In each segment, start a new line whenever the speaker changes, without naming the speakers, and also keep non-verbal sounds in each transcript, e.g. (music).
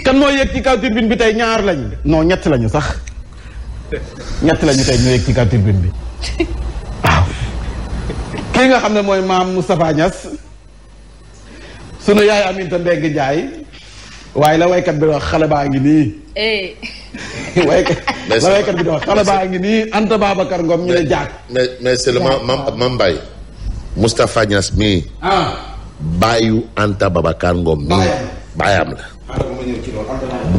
kan mooy yegg ci kaw turbine bi tey ñaar lañu. non ñetti lañu sax ñett lañu tey ñu yegg ci kaw turbine bi ah. kii nga xam ne mooy maam Moustapha Niass sunu yaay Aminta Mbengue Ndiaye waaye la waykat bi wax xale baa ngi nii. Eh.
(laughs) waykat la waykat bi wax xale baa ngi nii
Anta Babacar
Ngom ñu ne jaag. mais mais c'est le maam maam Mbaye. Moustapha mii. Ah. baayu Anta Babacar Ngom mii. baayam la.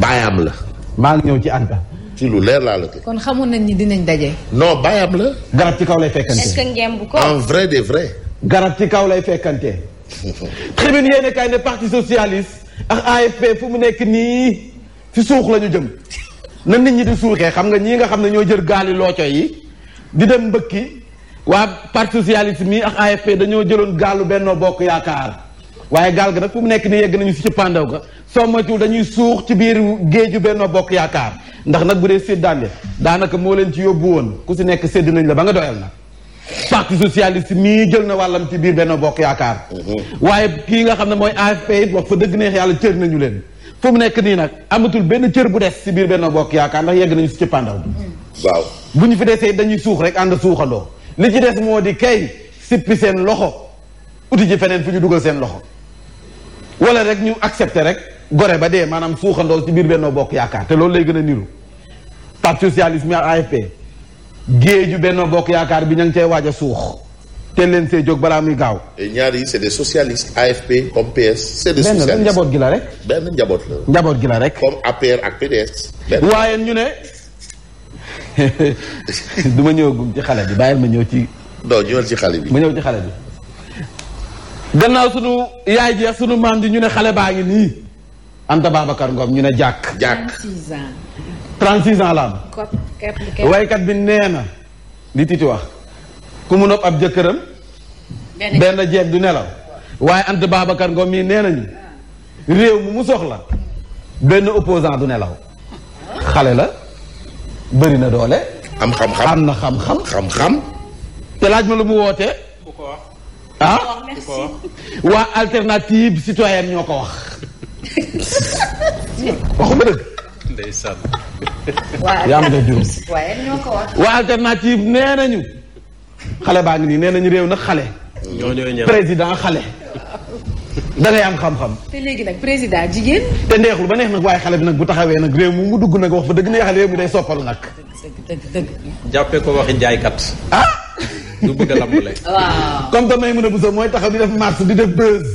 baayam la. maa ngi ñëw ci Anta. ci lu leer laa la ko. kon xamoon nañ ni dinañ daje. non baayam la. garab ci kaw lay fekkante. est-ce ko. en vrai de vrai. garab ci kaw lay
fekkante. (laughs) tribune yéen kay ne parti socialiste ak AFP fu mu nekk nii ci suux la ñu jëm na nit ñi di suuxee xam nga ñii nga xam ne ñoo jël gaali looco yi di dem mbëkki waa parti socialiste mii ak AFP dañoo jëloon gaalu Benno Bokk Yaakaar. waaye gaal ga nag fu mu nekk nii yegg nañu si ci pandaw ga soo moytuwul dañuy suux ci biir géeju Benno Bokk Yaakaar ndax nag bu dee séddaale daanaka moo leen ci yóbbu woon ku si nekk sédd nañ la ba nga doyal na parti socialiste mii jël na wàllam ci biir Benno Bokk Yaakaar mhm. waaye kii nga xam ne mooy AFP it wax fa dëgg neex yàlla cër nañu leen fu mu nekk nii nag amatul benn cër bu des si biir Benno Bokk Yaakaar ndax yegg nañu si ci pandaw bi mhm. waaw bu ñu fi desee dañuy suux rek ànd suuxandoo li ci des moo di kay sippi seen loxo uti ji feneen fu ñu dugal seen loxo wala rek ñu accepté rek gore ba dee maanaam suuxandoo ci biir Benno Bokk Yaakaar te loolu lay gën a niru parti socialiste mi ak AFP
géeju Benno Bokk Yaakaar bi ña ngi cay waaj a suux te leen see jóg balaa muy gaaw. ñaar yi c'est des socialistes AFP comme PS. c'est des socialistes benn njaboot gi la rek. benn njaboot njaboot gi la rek. comme APR ak PDS. waaye
ñu ne (laughs) du ma ñëw ci xale bi bàyyil ma ñëw ci.
non ñëwal ci xale bi. ma ñëw ci xale bi.
gannaaw sunu yaay jeex sunu maam ji ñu ne xale baa ngi nii Anta Babacar Ngom ñu ne jàkk jàkk 36 ans ans la
am waykat
bi nee na di titi wax ku mu nopp ab jëkkëram benn jeeg du nelaw waaye Anta Babacar Ngom mii nee nañu réew mu mu soxla benn opposant du nelaw xale la bëri na doole am xam-xam am xam-xam xam-xam te laaj ma lu mu wootee
ah, ah
waa alternative citoyenne ñoo ko wax. waxuma dëgg. ndeysaan.
yaa ma def juróom. ñoo ko wax. waa
alternative nee nañu. xale baa ngi nii nee nañu réew nag xale. président xale. da ngay am xam-xam.
te léegi nag président jigéen.
te ndeexul ba neex nag waaye xale bi nag bu taxawee nag réew mi mu dugg nag wax fa dëgg ne xale réew mi day soppal nag. jàppee ko waxi jaaykat. Ah? du bëgg a lambale. waaw mooy taxaw bi def marche di def buzz.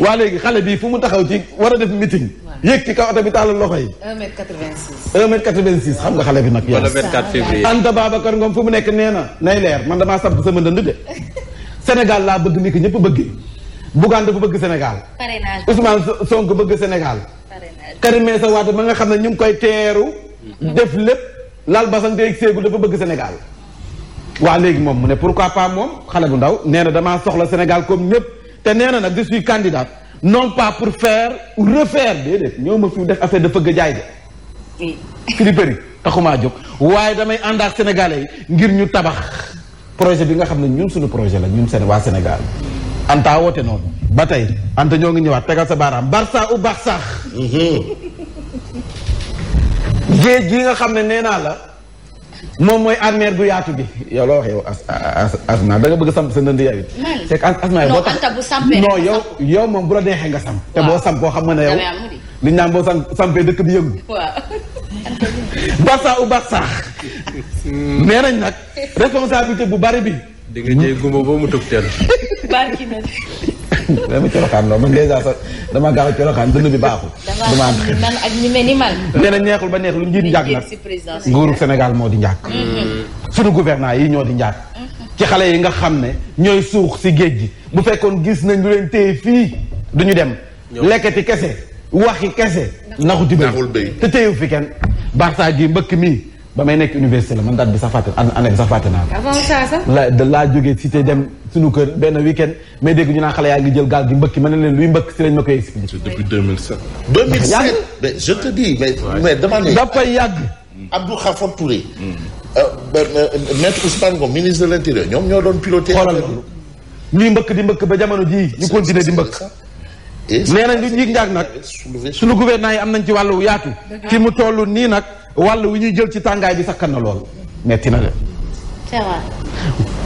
waa léegi xale bii fu mu taxaw ci war a def meeting. yéeg ci kaw oto bi taalal loxo yi. 1 mètre xam nga xale bi nag. wala 24 février Anta Babacar Ngom fu mu nekk nee na. nay leer man damaa sàpp sama ndënd de. (laughs) Sénégal laa bëgg ni ko ñëpp bëggee. Bougane dafa bëgg Sénégal.
parrainage Ousmane
Sonko bëgg Sénégal. parrainage Karim Meïssa Wade ma nga xam ne ñu ngi koy teeru. Mm-hmm. def lépp laal basang teeg séegu dafa bëgg Sénégal. waa léegi moom mu ne pourquoi pas moom xale bu ndaw nee na damaa soxla Sénégal comme ñëpp te nee na nag je suis candidat non pas pour faire ou refaire déedéet ñoo ma fi def affaire de fëgg jaay de. Criberi taxumaa jóg waaye damay ànd ak sénégalais ngir ñu tabax projet bi nga xam ne ñun suñu projet la ñun seen waa Sénégal. Anta woote noonu ba tey Anta ñoo ngi ñëwaat tegal sa baaraam Barça ou Barsax. Mhm. géej gi nga xam ne nee la. moom mooy armeer bu yaatu bi yow loo wax yow as asma da nga bëgg samp sa ndënd yaay te asma yow boo tax non yow yow moom bu la neexee nga samp te boo samp boo xam nga ne yow li ñu naan boo sampee dëkk bi yëngu (laughs) barça u barça hmm. nee nañ nag responsabilité bu bari bi di nga jëy gumba ba mu tëb teel barki na (laughs) dama coroxaan lool man dèjà sax dama gaaw a coroxaan dund bi baaxul.
damaa man
ak na neexul ba neexul njiit njàkk nag Sénégal moo di njàkk. Mm-hmm. sunu gouvernant yi ñoo di njàkk. Mm-hmm. ci xale yi nga xam ne ñooy suux si géej gi bu fekkoon gis nañ lu leen téye fii duñu dem. lekkati kese waxi kese. naxuti béy te téyewu fi kenn. Barça gi mbëkk mi. ba may nekk université la man date bi sax fàtte année bi sax fàtte naa la. avant ça sax. la de dem. suñu kër benn week-end mais dégg ñu naa xale yaa ngi jël gaal gi mbëkki ma ne leen luy mbëkk si lañ ma koy expliqué. depuis 2007. 2007
mais je te dis mais mais dama yàgg. Abdou mm. euh, euh, ministre de ñoom ñoo doon piloté. xoolal ñuy mbëkk di mbëkk ba jamono jii ñu continuer di mbëkk. nee nañ lu ñuy njaag nag suñu gouvernement yi am
nañ ci wàll wu yaatu fi mu toll nii nag wàll wu ñuy jël ci tàngaay bi sakkan na lool metti na de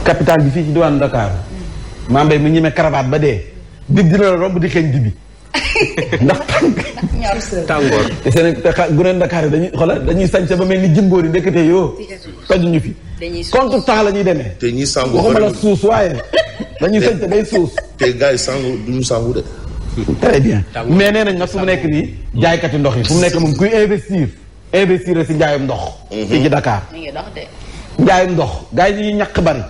capital bi fii ci diwaanu Dakar maa mbay mu ñemee cravate ba dee dig dina la romb di xeeñ dibi ndax tàngoor te seen guneen Dakar yi dañuy xoola dañuy sañse ba mel ni jëmbóor yi ndekkete yoo tajuñu fi contre temps la ñuy demee te ñuy sangu waxuma dañuy sañse te gars yi sangu duñu mais nee nañ nag fu mu nekk nii jaaykati ndox yi fu mu nekk moom kuy investir investir si njaayum ndox mhm. fii ci Dakar njaayum ndox gars yi ñuy ñàkk bari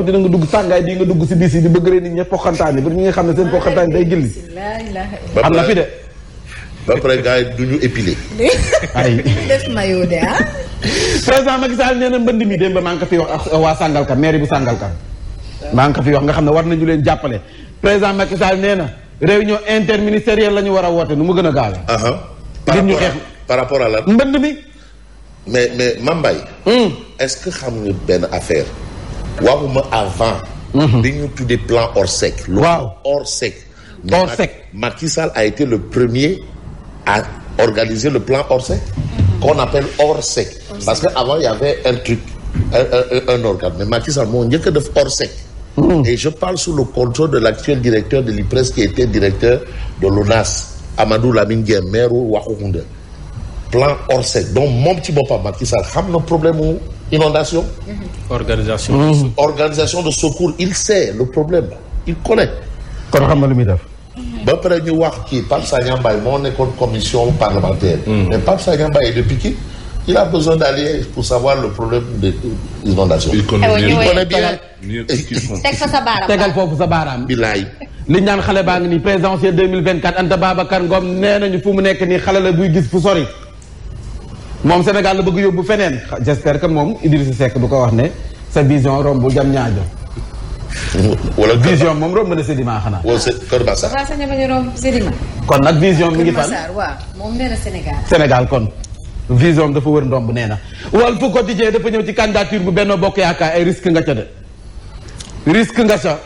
dina nga dugg sàngaay bii nga dugg si bis yi di bëgg rek nit ñi poxantaan yi pour ñi nga xam ne seen poxantaan day gilli
am na fi de ba pare gars yi du ñu (laughs) de ah président na mbënd mi démb
maa ngi fi wax waa Sangalkam mairie bu Sangalkam maa ngi ko fi wax nga xam ne war nañu leen jàppale président Macky Sall nee na réunion interministérielle la ñu war a woote nu mu gën a gaawe ngir
ñu par rapport à la mbënd mi mais mais Mambay hmm. est-ce que xam nga benn affaire waxuma avant. Mhm. dañu tuddee plan Orsec. waaw Orsec. Orsec Macky Sall a été le premier à organiser le plan Orsec. qu'on appelle Orsec. parce que avant il y avait un truc un organe mais Macky Sall moo njëkk a def Orsec. Mhm. et je parle sous le contrôle de l'actuel directeur de l'IPRES qui était directeur de l'ONAS Amadou Lamine Dieng maire Waxuxunda plan Orsec donc moom ci boppam Macky Sall xam na problème mu. inondation. organisation. Mmh. organisation de secours il sait le problème il connaît. kon xam na def. ba pare commission parlementaire. Mmh. mais Pape Sagna Mbaye depuis il a besoin d'aller pour savoir le problème de l'inondation. il connaît eh eh eh bien teg fa sa baaraam tegal foofu sa baaraam. bilaay.
li ñu naan xale baa nii présidentielle 2024 Anta Babacar Ngom nee nañu fu mu nekk la buy gis fu sori. moom Sénégal la bëgg yóbbu feneen j'espère que moom Idrissa Seck du ko wax ne sa vision romb jam ñaajo wala vision moom romb na Sédima xanaa. wala Kër Massar. waaw sañ bañ a kon nag vision mi ngi fan. waaw moom nee na Sénégal. Sénégal kon vision dafa wër ndomb nee na. Walf Quotidien dafa ñëw ci candidature bu Benno Bokk Yaakaar ay risque nga ca de. risque nga ca.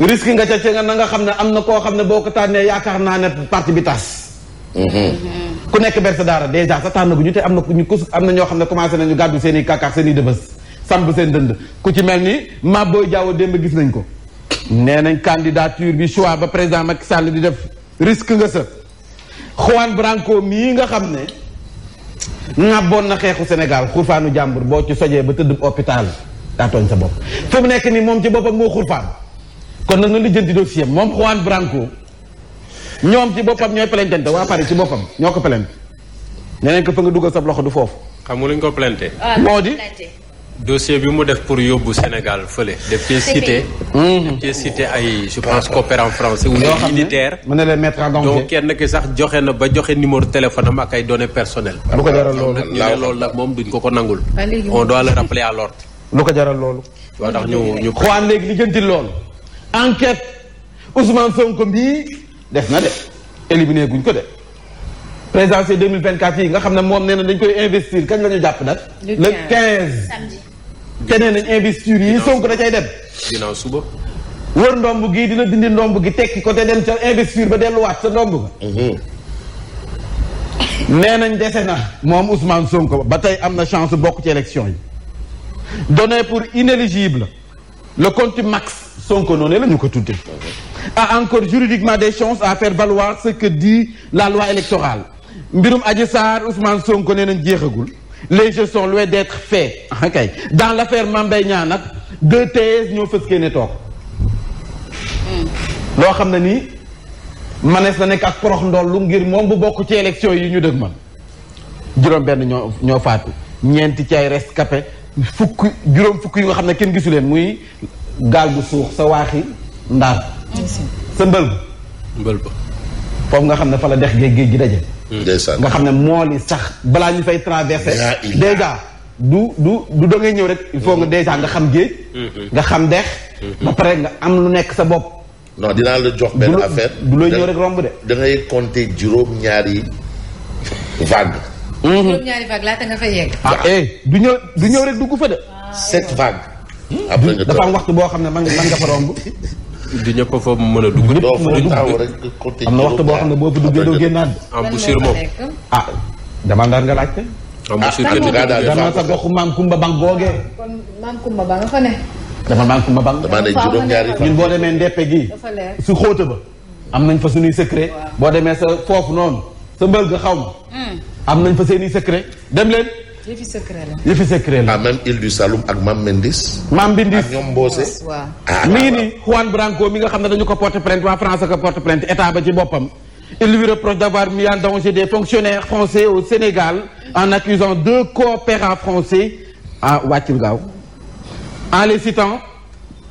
risque nga ca ci nga na nga xam ne am na koo xam ne boo ko tànnee yaakaar naa ne parti bi tas. Mm-hmm. Mm-hmm. ku nekk berse daara dèjà sa tànn bu ñu te am na ñu ku am na ñoo xam ne commencé nañu gàddu seen i kàkkaar seen i dëbës samp seen dënd ku ci mel ni Mabo Diaw démb gis nañ ko nee nañ candidature bi choix ba président Macky Sall di def risque nga sa Juan Branco mii nga xam ne ŋàbboon na xeexu Sénégal xurfaanu jàmbur boo ci sojee ba tëdd hôpital daa sa bopp fu nekk nii moom ci boppam moo xurfaan kon nag na lijjanti dossier moom Juan Branco ñoom ci boppam ñooy plainte waa Paris ci boppam ñoo ko plainte neneen ko fa nga dugal sa loxo du foofu. xam nga lu ñu ko plainte. Ah, moo di. dossier bi mu def pour yóbbu Sénégal fële. def cee cité. daf cee cité ay je pense coopérant français. ou militaire mën na leen mettre en danger donc kenn ki sax joxe na ba joxe numéro téléphone am ak ay données personnelles. lu ko jaral loolu ñu ne loolu nag moom ko ko nangul. on doit le rappeler à l'ordre. lu ko jaral loolu. waaw ndax ñu ñu. xawaan léegi li jëntil loolu. enquête Ousmane Sonko mbii. def na de éliminé guñ ko de mille présidentielle 2024 yi nga xam ne moom nee na dañ koy investir kañ la ñu jàpp nag. le 15 samedi. te nee yi Sonko da cay dem. ginnaaw suba. ndomb gi dina dindi ndomb gi tekki ko te dem ca investiture ba delluwaat sa ndomb ba. Mhm. nañ dese na moom Ousmane Sonko ba tey am na chance bokk ci élection yi. donné pour inéligible le compte max Sonko noonu la ñu ko tuddee. Mhm. a encore juridiquement des chances à faire valoir ce que dit la loi électorale mbirum Adji Sarr Ousmane Sonko nee nañ jeexagul les jeux sont d'être faits (laughs) ah, kay dans l'affaire Mame Mbaye Niang nag deux thèses ñoo fës ne toog loo xam ne ni manees na nekk ak porox ndollu ngir moom bu bokk ci élection yi ñu dëgg man juróom benn ñoo ñoo ñeenti ci ay rescapé fukk juróom fukk yu nga xam ne kenn gisu leen muy gaal bu suux sa waaxi ndaar sa mbël ba mbël ba foofu nga xam ne fa la dex géej géej gi daje nga xam ne mool yi sax balaa ñu fay traversé déjà du du du da ñëw rek il faut nga mm-hmm. déjà nga xam géej mm-hmm. nga xam dex mm-hmm. ba pare nga am lu nekk
sa bopp non dinaa la jox benn affaire du looy ñëw rek romb de da ngay compter juróom ñaari vague juróom ñaari vague laata nga fay yegg ah eh,
du ñëw du ñëw rek du fa de sept vagues dafa am waxtu boo xam ne man nga fa romb
du ñëpp foofu mën a dugg. doo foofu taw rek
am na waxtu boo xam ne boo fa duggee doo génnaat. Embouchure moom ah dama ndar nga laajte. Embouchure ah, ah, kenn dama sa goxu maam Kumba Bang googee. kon maam Kumba Bang nga boo demee ndeppe gi su xóota ba. am nañ fa suñuy secret. boo demee sa foofu noonu.
sa mbël xaw ma. Hmm. am nañ fa seen secret dem leen.
yëfi secret
la. secret la. ah même du Saloum ak Mam Mendes. Mam Mendes ak mi ni Juan Branco
mi nga xam ne dañu ko porte plainte waa France ko porte plainte état ba ci boppam. Il lui reproche d'avoir mis en danger des fonctionnaires français au Sénégal en accusant deux coopérants français à ah, wàccul gaaw en les citant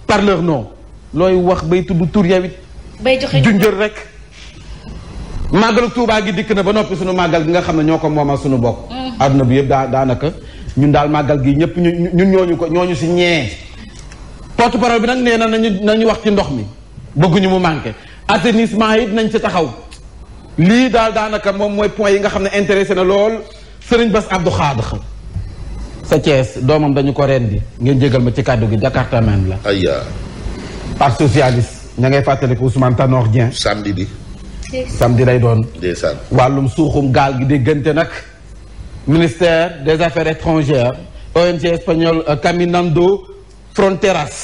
par leur nom looy wax bay tudd tur yawit
bay rek.
màggalu Touba gi dikk na ba noppi suñu màggal gi nga xam ne ñoo ko moomal suñu bopp. Mm-hmm. àdduna bi yëpp daa daanaka ñun daal màggal gi ñëpp ñu ñun ñooñu ko ñooñu si ñee. porte parole bi nag nee na nañu nañu wax ci ndox mi bëgguñu mu manqué assainissement yi nañ ci taxaw lii daal daanaka moom mooy point yi nga xam ne intéressé na lool Serigne bas Abdou xaadax sa Thiès doomam dañu ko rendi ngeen jégal ma ci kàddu gi Jakarta man la. aywa. parti socialiste ña ngay fàttaliku Ousmane Tanor Dieng. samedi bi. samedi lay doon. ndeysaan wàllum suuxum gaal gi diggante nag ministère des affaires étrangères ONG espagnol euh, Caminando Fronteras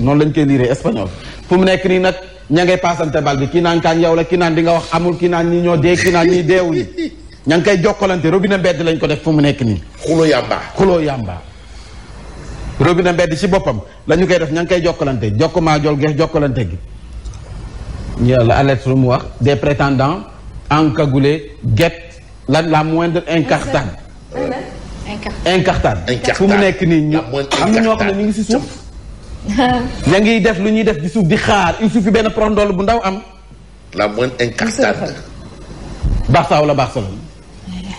noonu lañ koy liiree espagnol fu mu nekk nii nag ña ngay paasante bal bi kii naan kaan yow la kii naan di nga wax amul kii naan ñi ñoo dee kii naan ñi deewuñu (laughs) ña ngi koy jokkalante robinet mbedd lañ ko def fu mu nekk nii. xulo yàmba xulo yàmba. robinet mbedd ci boppam lañu koy def ña ngi koy jokkalante jokk maa jol jokkalante gi. ñu la alerte lu mu wax de prétendants encagoulés guettent la la moindre incartade. incartade fu mu nekk nii ñu am na ñoo xam ne ñu ngi si suuf.
(laughs)
ña ngi def lu ñuy def di suuf di xaar il suffit benn prondol bu ndaw am. la moindre incartade. Barça wala Barcelone.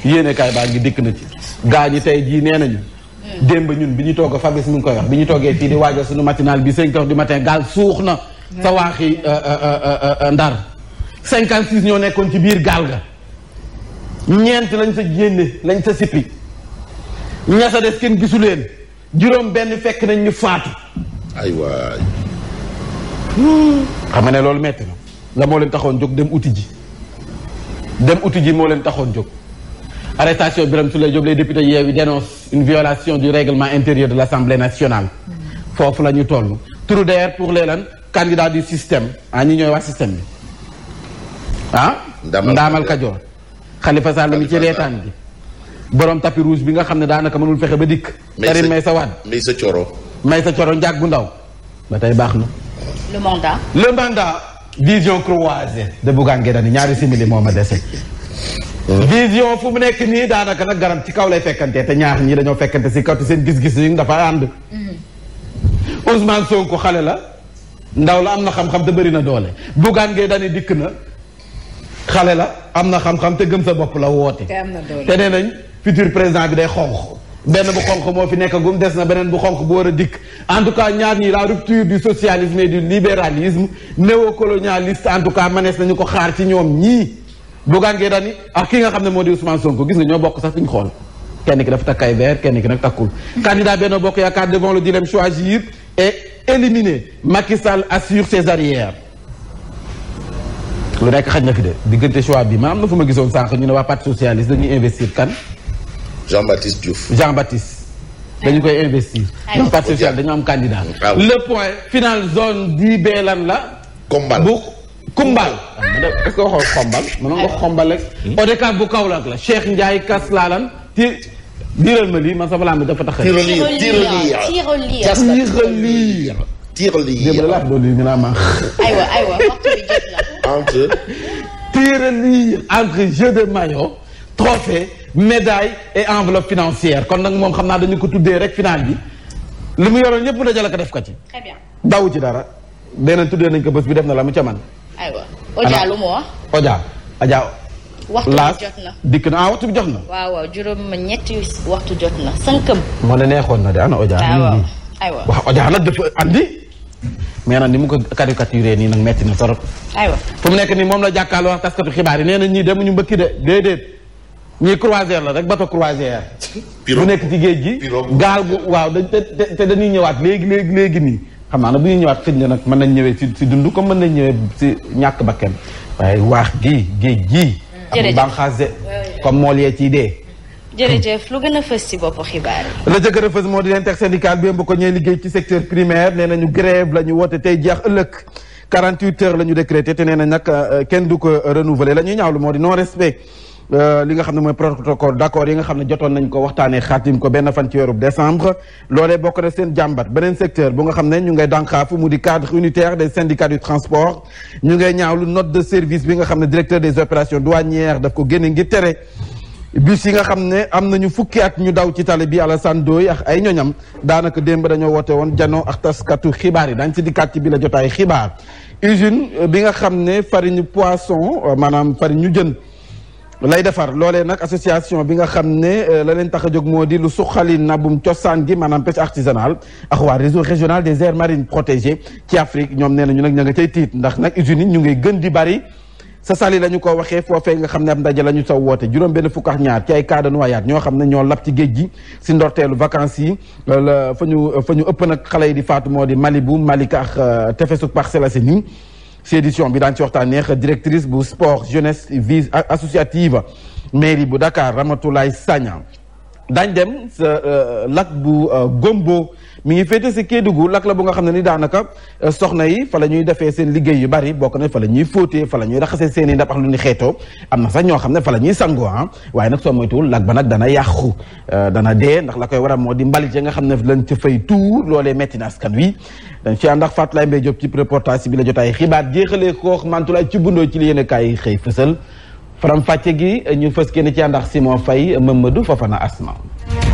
yéene kaay baa ngi dikk na ci. gaa ñi tey jii nee nañu. Hmm. démb ñun bi ñu toog a Fabrice mu ngi koy wax bi ñu toogee fii di waajal suñu matinal bi 5 heures du matin gaal suux na. sa waaxi euh, euh, euh, ndar 56 ñoo nekkoon ci biir gaal ga ñeent lañ sa génne lañ sa sippi ña sa des kenn gisu leen juróom benn fekk nañ ñu faatu ay waay xam ne loolu metti la moo leen taxoon jóg dem uti ji dem uti ji moo leen taxoon jóg arrestation Birame Souleye Diop les députés Yewwi dénoncent une violation du règlement intérieur de l'Assemblée nationale foofu la ñu toll trou d'air pour les lan candidat du système ah ñi ñooy wax système bi ah. Ndaamal Kajoor Khalifa Sall mi ci reetaan bi borom tapis rouge bi nga xam ne daanaka mënul fexe ba dikk. Karim Meïssa Wade
Meïssa Thioro.
Meïssa Thioro bu ndaw ba tey baax na. le mandat. le mandat. vision croisée de Bougane Gueye Dany ñaari simili moom a dese. Hmm. vision fu mu nekk nii daanaka nag garab ci kaw lay fekkante te ñaar ñii dañoo fekkante si kaw te seen gis-gis yi dafa ànd. Hmm. Ousmane Sonko xale la. ndaw la am na xam-xam te bëri na doole Bougane gee Dany dikk na xale la am na xam-xam te gëm sa bopp la woote. te am nañ futur président bi day xonq. benn bu xonq moo fi nekk gum des na beneen bu xonq bu war a dikk en tout cas ñaar ñi la rupture du socialisme et du libéralisme néocolonialiste en tout cas manees nañu ko xaar ci ñoom ñii. Bougane Gueye Dany ak ki nga xam ne moo di Ousmane Sonko gis nga ñoo bokk sax suñu xool kenn ki dafa takk ay kenn ki nag takkul. (laughs) candidat Benno Bokk Yaakaar devant le dilemme éliminé Macky Sall assure ses arrières. lu nekk xaj na fi de diggante choix bi ma am na fu ma gisoon sànq ñu ne waa parti socialiste dañuy investir kan. Jean Baptiste Diouf. Jean Baptiste. dañu koy investir. ñoom parti socialiste dañu am candidat. Ah le point final zone dix B lan la. Kombal bu Kumbal. Ah, est-ce que waxoon Kombal mën nga Kombal rek. Hmm? ODCAV bu Kaolack la Cheikh Ndiaye Kass laa lan diiral ma lii man sama laam bi dafa tax a. tirelire tirelire tirelire tirelire. démb laa doon lii ñu na. entre. tirelire entre jeu de maillot trophée médaille et enveloppe financière kon nag moom xam naa dañu ko tuddee rek final bi li mu yoroon ñëpp dajale ko def ko ci. daw ci dara. beneen tuddee nañ ko bës bi def na la mu ca man. aywa Oja lu waxtu bi jot na dikk na ah bi jot na. waaw waaw juróom ñetti waxtu jot na sànqam. moo ne neexoon na de ana Oja. waaw aywa wax Oja nag dafa andi. mais nag ni mu ko caricaturé nii nag metti na torop. aywa fu mu nekk nii moom la jàkkaarloo wax taskatu xibaar yi nee na ñii demuñu mbëkki de déedéet. ñii croisière la rek bato croisière. bu nekk ci géej gi. gaal gu waaw te dañuy ñëwaat léegi léegi léegi nii. xam naa ne bu ñuy ñëwaat xëj na nag mën nañ ñëwee si si dund comme mën nañ ñëwee si ñàkk bakkan waaye waax gi géej gi
amul bànqaas de
comme mool yee ciy dee jërëjëf lu gën a fës ci boppu xibaar yi. la ca gën a fës moo di intersyndicale bi liggéey ci secteur primaire nee nañu grève la ñu woote tey jeex ëllëg 48 heures la ñu décrété te nee na nag euh, kenn du ko renouveler la ñuy ñaawlu moo di non respect. Euh, li nga xam ne mooy protocole d'accord yi nga xam ne jotoon nañ ko waxtaanee xaatim ko benn fan ci weeru décembre loolee bokk na seen jàmbat beneen secteur bu nga xam ne ñu ngay dànqaafu mu di cadre unitaire des syndicats du transport ñu ngay ñaawlu bi nga xam ne directeur des opérations douanières daf ko génne ngir tere bis yi nga xam ne am nañu fukki at ñu daw ci tali bi Alassane Doye ak ay ñoñam daanaka démb dañoo woote woon jano ak taskatu xibaar yi daañ si dikkaat ci bi la jotaay xibaar usine bi nga xam ne farine poisson euh, maanaam farine ñu jën lay defar loolee nag association bi nga xam ne euh, la leen tax a jóg moo di lu na nabum cosaan gi maanaam pêche artisanale ak waa réseau régional des aires marines protégées ci Afrique ñoom nee nañu nag ñoo nga cay tiit ndax nag usines yi ñu ngay gën di bari sa sali lañu ñu ko waxee foofee nga xam ne ab ndaje la ñu saw woote juróom benn fukk ñaar ci ay cas de noyade ñoo xam ne ñoo lab ci géej gi si ndorteelu vacances yi euh, la fa ñu fa ñu ëpp nag xale yi di faatu moo di Malibu Malika ak euh, tefesu Parcelles Assainies si édition bi daan ci waxtaanee directrice bu sport jeunesse vie associative mairie bu Dakar Ramatoulaye Sagna daañ dem sa euh, lac bu euh, Gombo mi ngi féete si Kédougou lakk la bu nga xam ne ni daanaka euh, soxna yi fa la ñuy defee seen liggéey yu bari bokk na fa la ñuy fóotee fa la ñuy raxasee seen i ndax lu ni am na sax ñoo xam ne fa la ñuy sangoo ah waaye nag soo moytuwul lakk ba nag dana yàqu euh, dana dee ndax la koy waral moo di mbalit nga xam ne lañ ci fay tuur loolee metti na askan wi dañ ci ànd ak Fatulaay Mbay Jóob ci reportage bi la jotaay xibaar jéexalee koox mantulaay ci bundoo ci li yéen kaay xëy fësal faram fàcce gi ñu fës kenn ci ànd ak Simon Faye Mamadou Fofana Asma